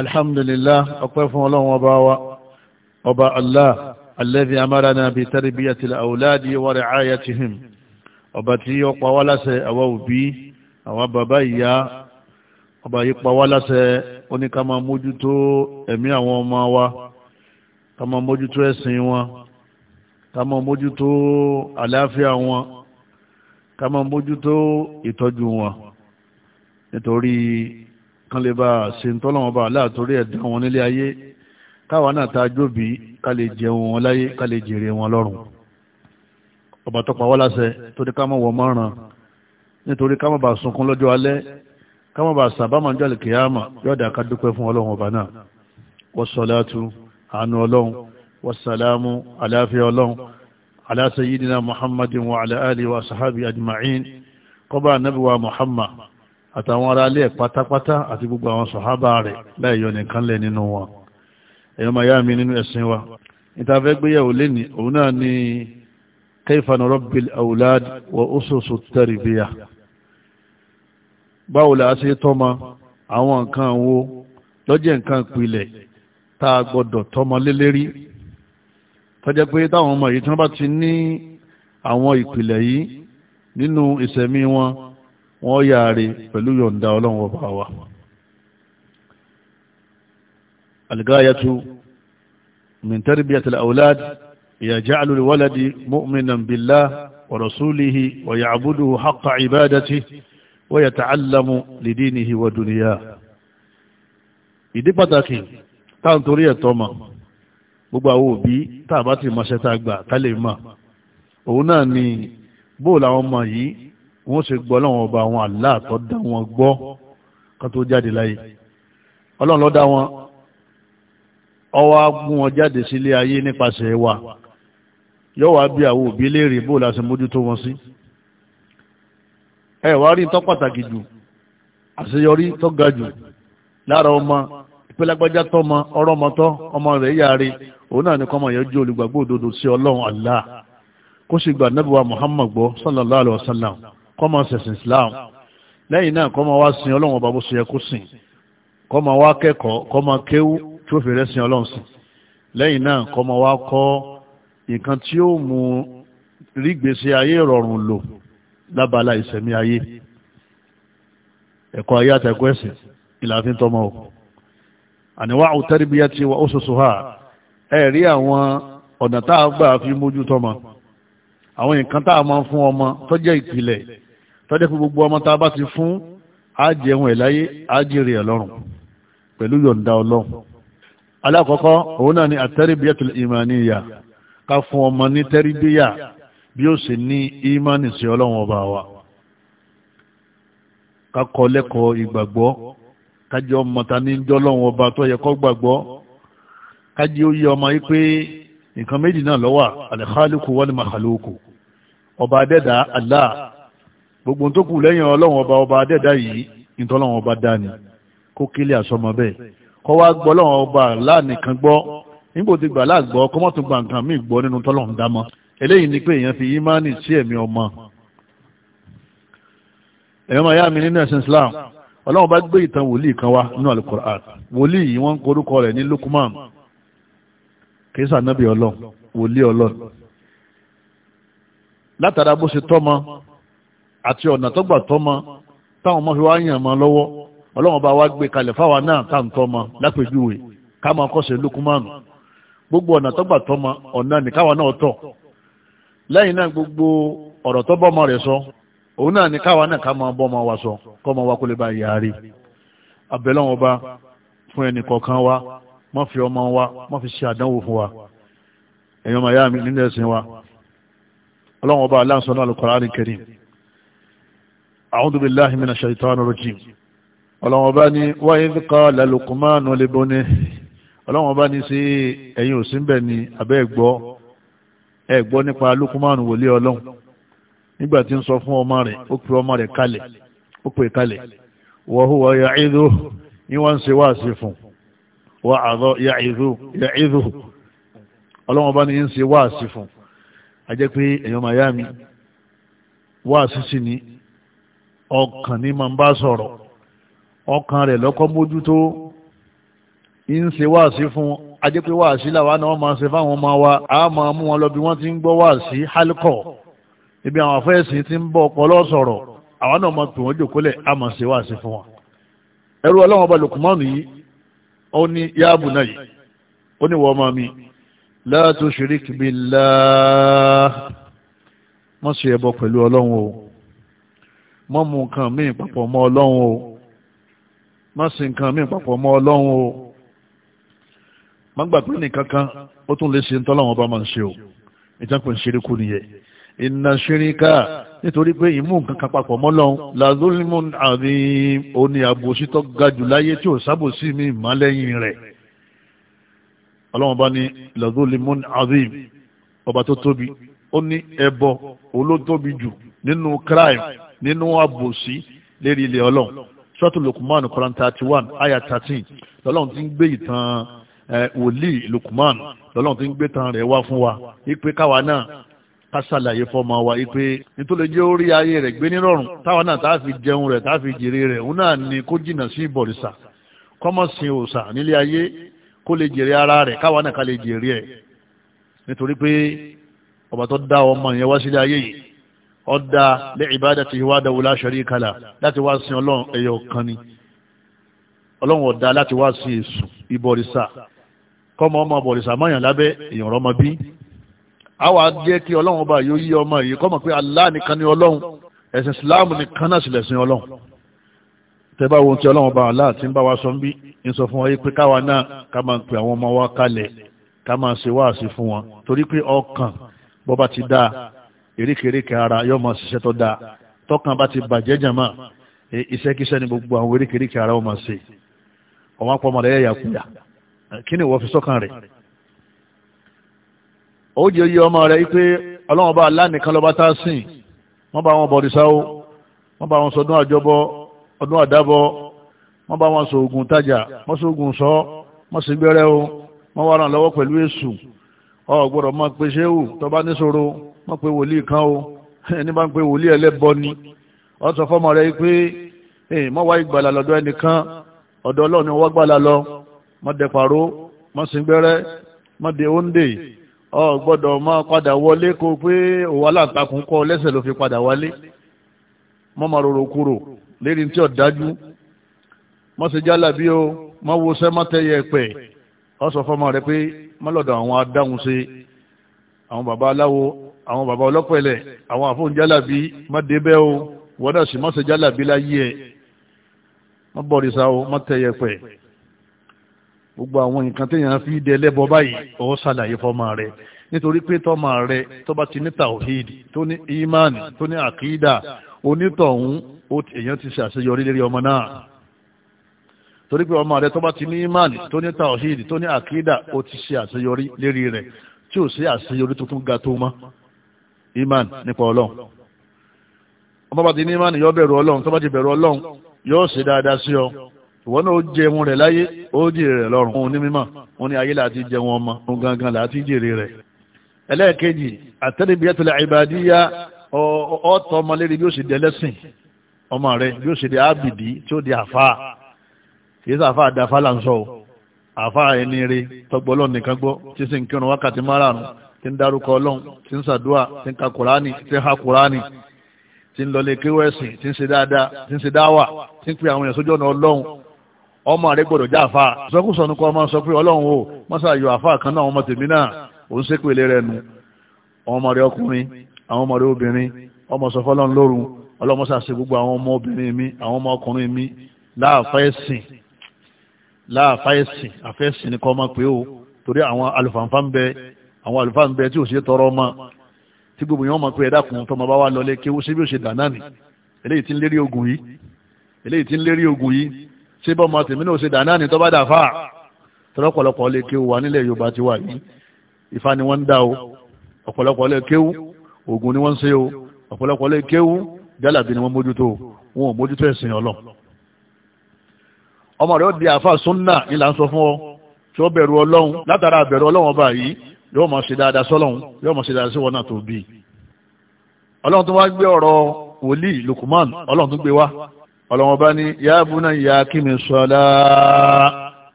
alhamdulillah ọpẹ́ fún ọlọ́run ọba wa ọba allah alladhi amarana bi tarbiyati al-awladi wa ri'ayatihim ọba tí ó pa wá láṣẹ àwa òbí àwa bàbá ìyá ọba yìí pa wá láṣẹ ó mójútó ẹ̀mí àwọn ọmọ wa ká mójútó ẹ̀sìn wọn ká mójútó àlàáfíà wọn ká mójútó ìtọ́jú wọn nítorí kan lè bá ṣe ń tọ́lọ́wọ́n bá láàtórí ẹ̀dá wọn nílé ayé káwa náà ta jóbi ká lè jẹun wọn láyé ká lè jèrè wọn lọ́rùn ọba tọpa wá láṣẹ torí ká mọ̀ wọ mọ́ràn nítorí ká má bàa sunkún lọ́jọ́ alẹ́ ká má bàa sàbámọ́jọ́ àlùkìyàmà yọ̀dà ká dúpẹ́ fún ọlọ́run ọba náà wọ́sọ̀látú àánú ọlọ́run wọ́sàlámú aláfíà ọlọ́run ala sayyidina muhammadin wa ala wa sahabi ajma'in kọba anabiwa muhammad àtàwọn ará ilé ẹ̀ pátápátá àti gbogbo àwọn sọ̀hábà rẹ̀ láìyọ nìkan lẹ̀ nínú wọn ẹ̀yọ́ máa yá mi nínú ẹ̀sìn wa ìtafẹ́ gbéyàwó lénìí òun náà ni kayfa nurabbil awlad wa ususu tarbiya báwo la ṣe tọ́mọ àwọn nǹkan wo lọ́jẹ́ nǹkan pilẹ̀ tá gbọ́dọ̀ tọ́mọ lélẹ́rí tọ́jẹ́ pé táwọn ọmọ yìí tí wọ́n bá ti ní àwọn ìpìlẹ̀ yìí nínú ìṣẹ̀mí wọn wọ́n yáre pẹ̀lú yọ̀ǹda ọlọ́run ọba wa algáyàtú mìntẹ́rìbíyàtàlá àwòlád ìyàjá alúriwálàdí mọ́mìnà bílá ọ̀rọ̀súlìhì wàyàbúdù haqqa ìbádàtí wàyàtàálàmù lìdínihì wà dùnìyà ìdí pàtàkì táà ń torí ẹ̀tọ́ ma gbogbo àwọn òbí táà bá ti máṣẹ́ tá gbà kálẹ̀ mà òun náà ni wọ́n ṣe gbọ́ ọlọ́run ọba àwọn Allah tó dá wọn gbọ́ kan tó jáde láyé ọlọ́run ló dá wọn ọwọ́ mú wọn jáde sílé ayé nípasẹ̀ wa yóò wá bí àwọn òbí léèrè bó la ṣe mójútó wọn sí ẹ wá rí tó pàtàkì jù àṣeyọrí tó ga jù lára ọmọ ìpẹ́lágbájá tọ́mọ ọ̀rọ̀mọtọ́ ọmọ rẹ̀ yáre òun náà ni kọ́mọ yẹn jẹ́ olùgbàgbọ́ òdodo sí ọlọ́run Allah kó sì gbà nábì Muhammad gbọ́ sallallahu alaihi wasallam kọ́ máa islam lẹ́yìn náà kọ́ máa wá sin ọlọ́run ọba bó ṣe yẹ kó sìn kọ́ máa wá kẹ́kọ̀ọ́ kọ́ máa kéwú tí ó fi rẹ́ sin ọlọ́run sìn lẹ́yìn náà kọ́ máa wá kọ́ nǹkan tí ó mú rí ayé rọrùn lò lábala ìṣẹ̀mí ayé ẹ̀kọ́ ayé àtẹ̀kọ́ ẹ̀sìn ìlàfin tọmọ o àníwá àwùtẹ́rìbíyà ti wà ó ṣoṣo ha ẹ̀rí àwọn ọ̀nà tá a gbà fi mójú tọmọ àwọn nǹkan tá a máa fún ọmọ tó jẹ́ ìpìlẹ̀ tó jẹ́ pé gbogbo ọmọ tá a bá ti fún á jẹun ẹ̀ láyé á jèrè ẹ̀ lọ́rùn pẹ̀lú yọ̀ǹda ọlọ́run alákọ̀ọ́kọ́ òun náà ni àtẹ́rìbíyàtul ìmánìyà ká fún ọmọ ní tẹ́rìbíyà bí ó sì ní ìmánì sí ọlọ́run ọba wa ká kọ́ lẹ́kọ̀ọ́ ìgbàgbọ́ kájọ mọ̀ta ní jọ́lọ́run ọba tó yẹ kó gbàgbọ́ kájí ó yẹ ọmọ yìí pé nǹkan méjì náà lọ́wà al-khaliqu wal-makhluqu ọba adẹ́dà Allah gbogbo tó kù lẹ́yìn ọlọ́run ọba ọba adẹ́dà yìí ìtọ́lọ́run ọba dání kó kílẹ̀ àsọmọ bẹ́ẹ̀ kọ́ wá gbọ́ lọ́run ọba Allah nìkan gbọ́ nígbò tí gbà láàgbọ́ kọ́ mọ́ tún gba nǹkan míì gbọ́ nínú tọ́lọ́run dámọ́ eléyìí ni pé èèyàn fi ìmánì sí ẹ̀mí ọmọ ẹ̀yọ́ máa yá mi nínú ẹ̀sìn Islam ọlọ́run bá gbé ìtàn wòlíì kan wá nínú Al-Qur'an wòlíì yìí wọ́n ń korúkọ rẹ̀ ní Luqman kìí sànábì ọlọ́run wòlíì ọlọ́run látara bó ṣe tọ́mọ àti ọ̀nà tọ́gbà tọ́mọ táwọn ọmọ fi wá yàn mọ́ lọ́wọ́ ọlọ́run bá wá gbé kalẹ̀ fáwa náà tá à ń tọ́mọ lápèjúwe ká máa kọ́sẹ̀ lókùmánù gbogbo ọ̀nà tọ́gbà tọ́mọ ọ̀nà nìkáwa náà tọ̀ lẹ́yìn náà gbogbo ọ̀rọ̀ tó bọ́mọ rẹ̀ sọ òun náà nìkáwa náà ká máa bọ́mọ wa sọ kọ́ ọmọ wa kó lè bá yàrá rí abẹ́lẹ́wọ̀n ọba fún ẹnì kọ̀ọ̀kan wa má fi ọmọ wa má fi ṣe àdánwò fún wa ẹ̀yin ọmọ ìyá mi nílẹ̀ ẹ̀sìn wa ọlọ́run ọba aláǹsọ náà Al-Qur'an Karim a'udhu billahi minash shaitanir rajim ọlọ́run ọba ní wa idh qala Luqmanu libunihi ọlọ́run ọba ní sí ẹ̀yin ò sí ń abẹ́ ẹ̀gbọ́ ẹ̀gbọ́ nípa Luqmanu wòlé ọlọ́run nígbà tí ń sọ fún ọmọ rẹ̀ ó pe ọmọ rẹ̀ kalẹ̀ ó pè kalẹ̀ wa huwa ya'iduhu ni wọ́n ń ṣe wáàsí fún un wà àrọ́ yàìrù ọlọ́wọ́n bá ní ń ṣe wáàsí fún a jẹ́ pé èèyàn miami wáàsí sí ni ọkàn ní ma ń bá sọ̀rọ̀ ọkàn rẹ̀ lọ́kọ́ mójútó ń ṣe wáàsí fún a jẹ́ pé wáàsí làwa náà máa ṣe fáwọn ọmọ wa a máa mú wọn lọ bí wọ́n ti ń gbọ́ wáàsí hálkọ̀ ibi àwọn afẹ́sìn ti ń bọ́ ọpọlọ sọ̀rọ̀ àwọn náà máa pè wọ́n jòkólẹ̀ a máa ṣe wáàsí fún wọn ẹrú ọlọ́wọ́n lòkùnmọ́nù yìí ó ní yáàbù náà yìí ó ní wọ́n máa mi la tushrik billah má ṣe ẹbọ pẹ̀lú ọlọ́run o má mú nǹkan míì papọ̀ mọ́ ọlọ́run o má sìn nǹkan míì papọ̀ mọ́ ọlọ́run o má nìkan kan ó tún lè ṣe ń tọ́lọ́run ọba máa ń ṣe o ìjọpọ̀ ìṣerékù nìyẹn inna shirika nítorí pé ìmú nǹkan kan papọ̀ mọ́ Ọlọ́hun lazulimun azim ó ní àbòsí tó ga jù láyé tí ò sábòsí mi má lẹ́yìn rẹ̀ ọlọ́wọ́n bá ní lazulimun azim ọba tó tóbi ó ní ẹbọ olótóbi jù nínú crime nínú àbòsí lérí ilẹ̀ ọlọ́run sọ́tò lukuman Quran thirty one aya thirteen lọ́lọ́run ti ń gbé ìtàn eh, wòlíì lukuman lọ́lọ́run ti ń gbé ìtàn rẹ̀ wá fún wa wípé káwa náà ká ṣàlàyé fọmọ wa yìí pé nítorí jẹ́ orí ayé rẹ̀ gbé nírọ̀rùn táwọn náà táà fi jẹun rẹ̀ táà fi jèrè rẹ̀ òun náà ni kó jìnnà sí ìbọ̀rìṣà kọ́mọ̀ sin òòṣà nílé ayé kó lè jèrè ara rẹ̀ káwọn náà ká lè jèrè ẹ̀ nítorí pé ọba tó dá ọmọ yẹn wá sílé ayé yìí ó dá lé ibadatihi wahdahu la sharika lah láti wá sin ọlọ́run ẹ̀yọ̀ kan ni ọlọ́run ó láti wá sin èṣù ìbọ̀rìṣà kọ́mọ ọmọ ìbọ̀rìṣà mọ́yàn lábẹ́ èèyàn rọ́mọ bí àwa jẹ́ kí ọlọ́run bá yóò yí ọmọ yìí kọ́ pé Allah nìkan ni ọlọ́run ẹ̀sìn Islam nìkan náà sì lẹ̀sìn ọlọ́run tẹ́bá wo ti ọlọ́run bá Allah tí ń bá wa sọ ń bí ń sọ fún wọn pé káwa náà ká máa pe àwọn ọmọ wa kalẹ̀ ká máa ṣe wáàsí fún wọn torí pé ọkàn bọ́ bá ti dáa eríkèéríkèé ara yóò máa ṣiṣẹ́ tó dáa tọkàn bá ti bàjẹ́ jàmá e, iṣẹ́kíṣẹ́ ni gbogbo àwọn eríkèéríkèé ara wọn máa ṣe ọmọ apọ̀ mọ̀lẹ́yà yàkúyà kí ni ìwọ fi sọ́kàn rẹ̀ ó jẹ́ yí ọmọ rẹ̀ pé ọlọ́wọ́n bá lánìkan lọ́ba tá a sìn wọ́n bá wọn bọ̀rìṣà o wọ́n bá wọn sọdún àjọbọ ọdún àdábọ wọ́n bá wọn sòògùn tajà wọ́n sòògùn sọ wọ́n sì gbẹ́rẹ́ o wọ́n wá ràn lọ́wọ́ pẹ̀lú èṣù ọ̀gbọ́dọ̀ máa pe ṣéwù tó bá níṣòro máa pe wòlíì kan o ẹni bá ń pe wòlíì ẹlẹ́bọ ni ọ sọ fọ́mọ rẹ̀ pé mọ́ wá ìgbàlà lọ́dọ̀ ẹnìkan ọ̀dọ̀ ọlọ́run wọ́n gbàlà lọ mọ́ dẹ̀pàró mọ́ sì gbẹ́rẹ́ mọ́ de óńdè ọ gbọ́dọ̀ máa padà wọlé kó pé òwò aláǹtakùn kọ́ lẹ́sẹ̀ ló fi padà wálé mọ́ máa rorò kúrò lérí tí ò dájú mọ́ sí jálà bí o mọ́ wo sẹ́ mọ́ tẹ́yẹ pẹ̀ ọ sọ fọ́mọ rẹ pé mọ́lọ́dọ̀ àwọn adáhùn ṣe àwọn bàbá aláwo àwọn bàbá ọlọ́pẹ̀lẹ̀ àwọn àfóhùn jálà bí má débẹ́ o wọ́n náà sì mọ́ sí jálà bí láyé ẹ̀ mọ́ bọ̀rìṣà o mọ́ tẹ́yẹ pẹ̀ gbogbo àwọn nǹkan téèyàn fi dẹ lẹ́bọ báyìí ó ṣàlàyé fọ́mọ rẹ nítorí pé tọ́mọ rẹ tó bá ti ní tawhid tó ní imani tó ní àkídà onítọ̀hún èèyàn ti ṣe àṣeyọrí lérí ọmọ náà torí pé ọmọ rẹ̀ tó bá ti ní imani tó ní tawhid tó ní àkídà ó ti ṣe àṣeyọrí lérí rẹ tí ò sí àṣeyọrí tuntun ga tó mọ́ imani nípa ọlọ́run ọmọ bá ti ní imani yóò bẹ̀rù ọlọ́run tó bá ti bẹ̀rù ọlọ́run yóò ṣe dáadáa sí ọ ìwọ́n náà ó jẹun rẹ̀ láyé ó jèrè rẹ̀ lọ́rùn òun ní mímọ̀ òun ní ayé láti jẹun ọmọ òun gangan láti jèrè rẹ̀ ẹlẹ́ẹ̀kejì àtẹ́lẹ́bíyàtọ̀ ìbàdíyà ọ̀tọ̀ ọmọlérí bí ó ṣe dẹlẹ́sìn ọmọ rẹ̀ bí ó ṣe di ábìdí tí ó di àfáà kìí sàfáà dáfá là ń sọ o àfáà ẹni rí tọgbọ́ ọlọ́run nìkan gbọ́ tí sì ń kírun wákàtí márùn-ún tí ń dárúkọ ọlọ́run ọmọ rẹ gbọdọ̀ já àfa sọkúsọ ní kọ́ ọmọ sọ pé ọlọ́run o mọ́sá yọ àfa kan náà ọmọ tèmi náà òun ṣe pèlè rẹ nu àwọn ọmọ rẹ ọkùnrin àwọn ọmọ rẹ obìnrin ọmọ sọ fọlọ́run lórun ọlọ́mọsá ṣe gbogbo àwọn ọmọ obìnrin mi àwọn ọmọ ọkùnrin mi láàfáẹ́sìn láàfáẹ́sìn àfẹ́sìn ní kọ́ ọmọ pé o torí àwọn àlùfàǹfà ń bẹ tí ò ṣe tọrọ ọmọ tí gbogbo yẹn ọmọ ṣé bọ́ ọmọ tèmi náà náà ní tọ́ba dà fáà tọ́lọ́pọ̀lọpọ̀ lè kéwu wà nílẹ̀ Yorùbá ti wà yìí Ifá ni wọ́n ń dá o ọ̀pọ̀lọpọ̀ lè kéwu Ògún ni wọ́n ń ṣe o ọ̀pọ̀lọpọ̀ lè kéwu jálàbí ni wọ́n mójútó wọn ò mójútó ẹ̀sìn ọlọ ọmọ rẹ̀ ó di àáfà súnà ìlà ń sọ fún ọ tí ó bẹ̀rù Ọlọ́run látara àbẹ̀rù Ọlọ́run ọba yìí yóò máa ṣe dáadáa sọ́lọ́run yóò máa ṣe dáadáa sí wọn náà tó bí Ọlọ́run tó wá gbé ọ̀rọ̀ wòlíì Lukuman Ọlọ́run tó gbé wá ọlọ́wọ́n bá ní ya bunayya aqimi ssalah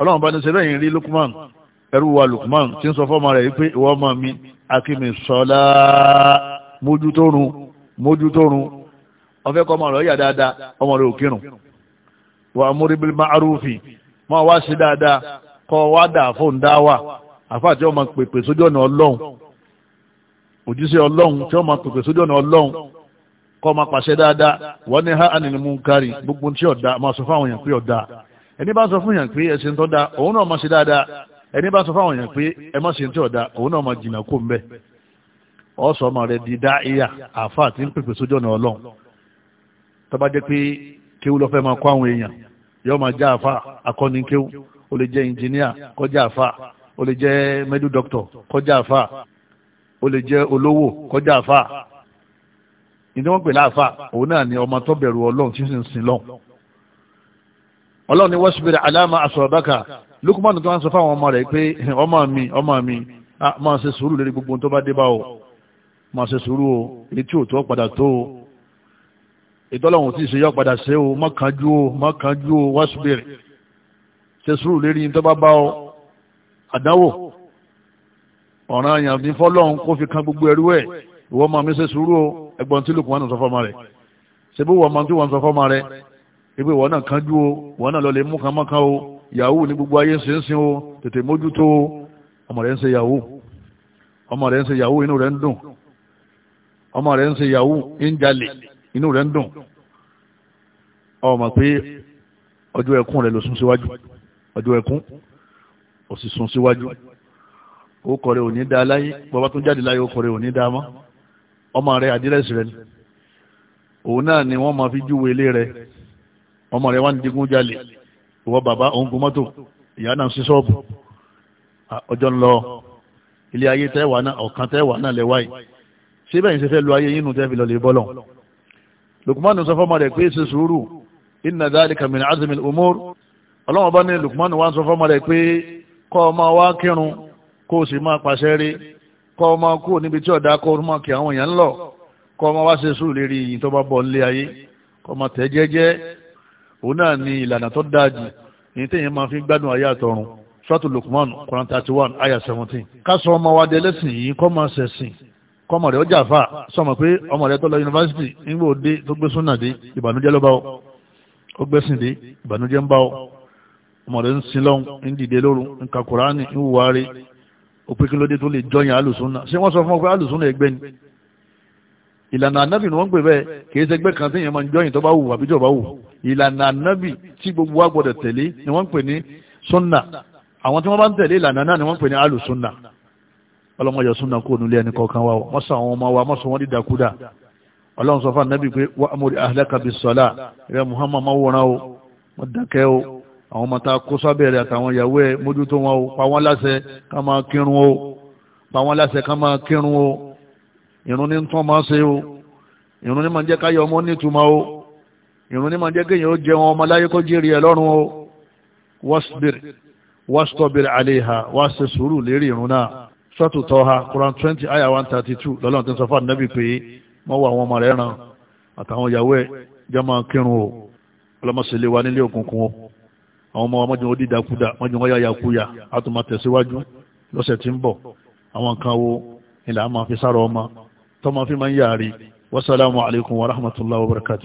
ọlọ́wọ́n bá ní ṣe bẹ́yìn rí Lukman ẹrú wa Lukman tí ń sọ fọ́mọ rẹ̀ wípé ìwọ ọmọ mi aqimi ssalah mójútórun mójútórun ọfẹ́ kọ́ ọmọ rẹ̀ yà dáadáa ọmọ rẹ̀ òkírun wa amur bil ma'rufi máa wá sí dáadáa kọ́ wá dà fóun dá wà àfáà tí pèpè sójú ọ̀nà ọlọ́run òjíṣẹ́ ọlọ́run tí wọ́n pèpè sójú ọ̀nà ọlọ́run kọ́ máa pàṣẹ dáadáa wọ́n ní ha ànínú mú gbogbo tí ọ̀dá máa sọ fáwọn yàn pé ọ̀dá ẹni bá sọ fún yàn pé ẹsẹ̀ tó òun náà máa ṣe dáadáa sọ fáwọn yàn pé ẹ má ṣe tí ọ̀dá òun náà máa jìnnà kó mbẹ. ọ sọ ọmọ rẹ di dá ìyà àáfà pèpè sójú ọ̀nà ọlọ́run jẹ́ pé kéwú máa àwọn èèyàn yóò máa já akọni kéwú ó lè jẹ́ ìdí wọ́n pè láàfà òun náà ni ọmọ tó bẹ̀rù ọlọ́run tí ń sin lọ́n ọlọ́run ni wasbir ala ma asabaka lukumanu tó ń sọ fáwọn ọmọ rẹ̀ pé ọmọ mi ọmọ mi máa ṣe sùúrù lórí gbogbo tó bá dé bá o máa ṣe sùúrù o etí ò tó padà tó o ìtọ́lọ́run tí ì ṣe yọ padà ṣe o má o má kánjú o wasbir ṣe sùúrù lórí tó bá bá o àdánwò ọ̀ràn àyàn ìwọ máa mi sùúrù o ẹgbọ́n tí lùkùn wọn sọ fọ́mọ rẹ̀ ṣe bí wọ́n máa tí wọ́n sọ fọ́mọ rẹ̀ ibi ìwọ náà kánjú o ìwọ náà lọ lè mú kan mọ́kan o yahoo ní gbogbo ayé ṣe ń sin o tètè mójútó o ọmọ rẹ̀ ń ṣe yahoo ọmọ rẹ̀ ń ṣe yahoo inú rẹ̀ ń dùn ọmọ rẹ̀ ń ṣe yahoo ń jalè inú rẹ̀ ń dùn ọmọ pé ọjọ́ ẹkún rẹ̀ ló sún síwájú ọjọ́ ẹkún ó sì sún síwájú ó kọ̀ rẹ̀ ò dá láyé bọ́bá tún jáde láyé ó kọ̀ rẹ̀ ò dá mọ́ ọmọ rẹ àdírẹ́sì rẹ ni òun náà ni wọ́n máa fi júwe ilé rẹ ọmọ rẹ wá ń digun jalè ìwọ bàbá òun gun mọ́tò ìyá náà sí ṣọ́ọ̀bù ọjọ́ ń lọ ilé ayé tẹ́wà náà ọ̀kan tẹ́wà náà lẹ́wà yìí ṣé bẹ́ẹ̀ ṣe fẹ́ lu ayé yín tẹ́ fi lọ lè bọ́ sọ fọ́mọ rẹ̀ pé ṣe sùúrù inna dhalika min azmi al ọlọ́wọ́n bá ní Lukman wá sọ fọ́mọ rẹ̀ pé kọ́ ọ máa wá kírun kó o sì máa pàṣẹ rí kọ́ ọmọ kúrò níbi tí ọ̀dà kọ́ ọmọ kí àwọn èèyàn lọ kọ́ ọmọ wá ṣe sùúrù lérí yìí tó bá bọ̀ nílé ayé kọ́ ọmọ tẹ́ jẹ́jẹ́ òun náà ni ìlànà tó dáa jù ní téèyàn máa fi gbádùn ayé àtọ̀run sọ́tù Lukman Quran thirty one ayah seventeen ká sọ ọmọ wa dẹlẹ́sìn yìí kọ́ máa ṣẹ̀sìn kọ́ ọmọ rẹ̀ ọjà fà sọmọ pé ọmọ rẹ̀ tó lọ yunifásitì nígbà òde tó gbé súnà dé ìbànújẹ́ ló bá ọ ó gbẹ́sìn dé ìbànújẹ́ ń bá òpin kí ló dé tó lè jọyàn alùsùnà ṣé wọ́n sọ fún ọ pé alùsùnà ẹgbẹ́ ni ìlànà ànábì ni wọ́n ń pè bẹ́ẹ̀ kìí ṣẹgbẹ́ kan tí èèyàn máa ń jọyìn tó bá wù àbíjọ bá wù ìlànà ànábì tí gbogbo wa gbọdọ̀ tẹ̀lé ni wọ́n ń pè ní sunna àwọn tí wọ́n bá ń tẹ̀lé ìlànà náà ni wọ́n ń pè ní alùsùnà ọlọ́mọyọ sunna kó nulẹ̀ ẹni kọ̀ọ̀kan wa wọ́n àwọn ọmọ wa mọ́sọ wọn dídakúdà ọlọ́run sọ fún ànábì pé wa'mur ahlaka bis àwọn ọmọ ta kó sábẹ̀rẹ̀ àtàwọn ìyàwó ẹ̀ mójútó wọn o pa wọ́n láṣẹ ká máa kírun o pa wọ́n láṣẹ ká máa kírun o ìrun ní tán máa ṣe o ìrun ní máa jẹ́ káyọ̀ ọmọ nítumọ̀ o ìrun ní máa jẹ́ kéèyàn ó jẹun ọmọ láyé kó jèrè ẹ̀ lọ́rùn o wasbir wastabir aleha wá ṣe sùúrù lérí ìrun náà sọ́tù tọ́ha Quran twenty ayah one thirty two lọ́lọ́run ti sọ fún ànábì pé wọ́n wọ àwọn ọmọ rẹ̀ ràn àtàwọn ìyàwó ẹ̀ jẹ́ máa kírun o ọlọ́mọ àwọn ọmọ ọmọdé wọn dídakúdà wọn jẹ́ wọ́n yá a tún máa tẹ̀síwájú lọ́sẹ̀ tí ń bọ̀ àwọn nǹkan wo ilà máa fi sára ọmọ tó máa fi máa ń yàrí wasalaamu alaykum wa rahmatulahi wa barakatu.